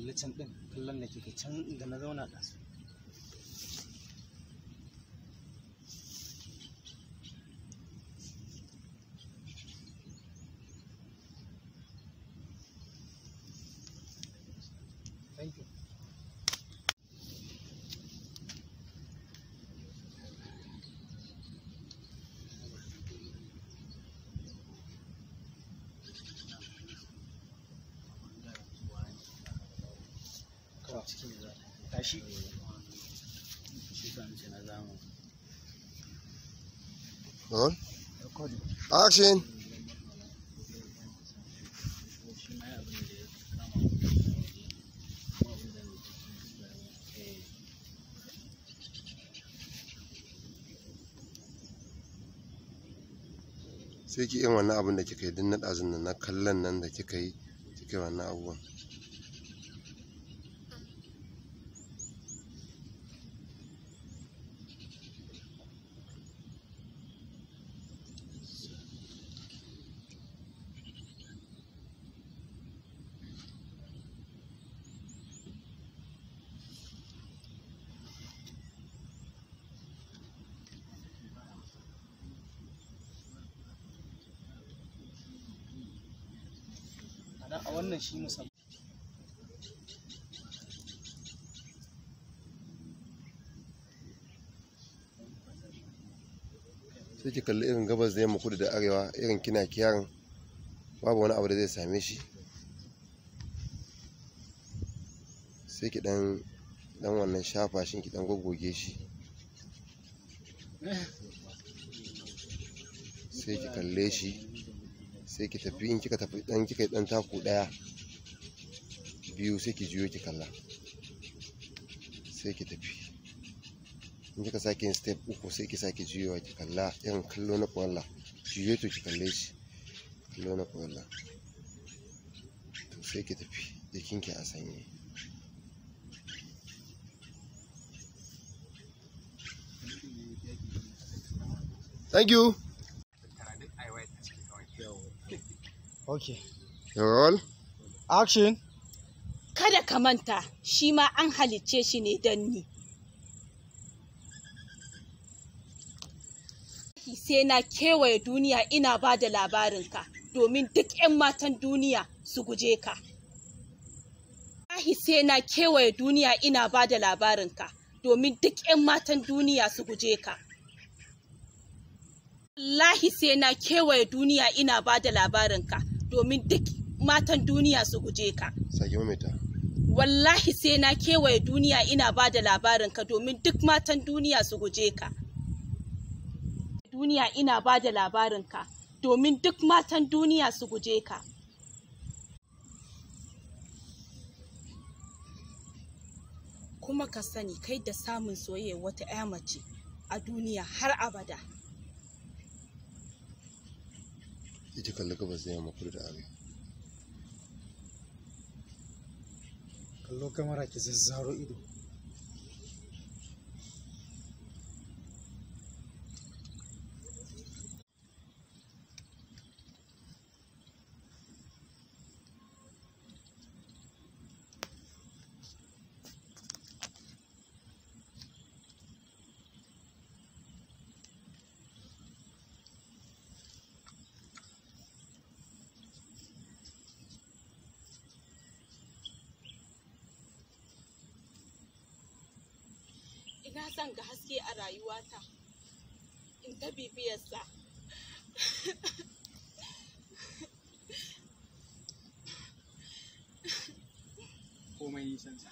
kalle can ɗin kallon da ke can da na zauna ɗansu a cikin da tashi shi sa nace na zamu on action sai ki yin wannan abin da kika yi din na ɗazun nan na kallon nan da kika yi kika yi wannan abubuwan faɗa sai ki kalli irin gabas da yamma kudu da arewa irin kina kiyarin babu wani abu da zai same shi sai ki dan dan wannan shafa shi ki dan goggoge shi sai ki kalle shi sai ki tafi in kika tafi dan kika dan taku daya biyu sai ki juyo ki kalla sai ki tafi in kika sake yin step uku sai ki sake juyowa ki kalla irin kallo na kwalla juyo to ki kalle shi kallo na kwalla to sai ki tafi ki a sanye Thank you. okay roll action kada ka manta shi ma an halicce shi ne don ni sai na kewaye duniya ina ba da labarinka domin duk 'yan matan duniya su guje ka wallahi sai na kewaye duniya ina ba da labarinka domin duk 'yan matan duniya su guje ka. Wallahi sai na kewaye duniya ina ba da labarinka domin duk matan duniya su guje ka wallahi sai na kewaye duniya ina ba da labarin ka domin duk matan duniya su guje ka duniya ina ba da labarin ka domin duk matan duniya su guje ka kuma ka sani kai da samun soyayya wata 'ya mace a duniya har abada ita kalli gabas da yamma kudu da arewa kallo kamara ki zazzaro ido ina son ga haske a rayuwata in ta bibiyarsa komai nisansa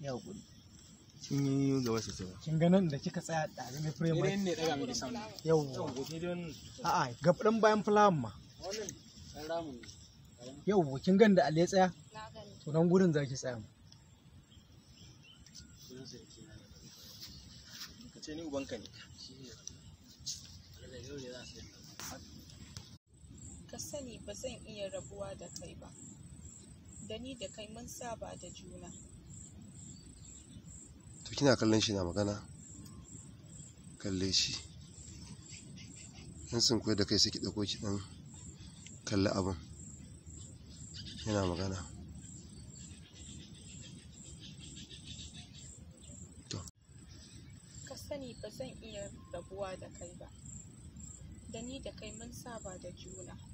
ya kin yi gaba kin ganin da kika tsaya da ga frame ne ne daga mai yau a'a ga dan bayan flower ma yau kin gan da alle tsaya to nan gurin zaki tsaya ka ni ubanka ne ka sani ba zan iya rabuwa da kai ba da ni da kai mun saba da juna to kina kallon shi na magana kalle shi in sun koyar da kai sai ki ɗauko ki ɗan kalli abin yana magana ka sani ba zan iya rabuwa da kai ba da ni da kai mun saba da juna